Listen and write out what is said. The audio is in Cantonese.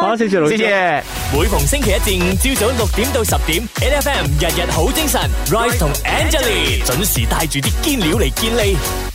好，謝謝老師。每逢星期一至五朝早六點到十點，N F M 日日好精神。Royce 同 Angeline 準時帶住啲堅料嚟見你。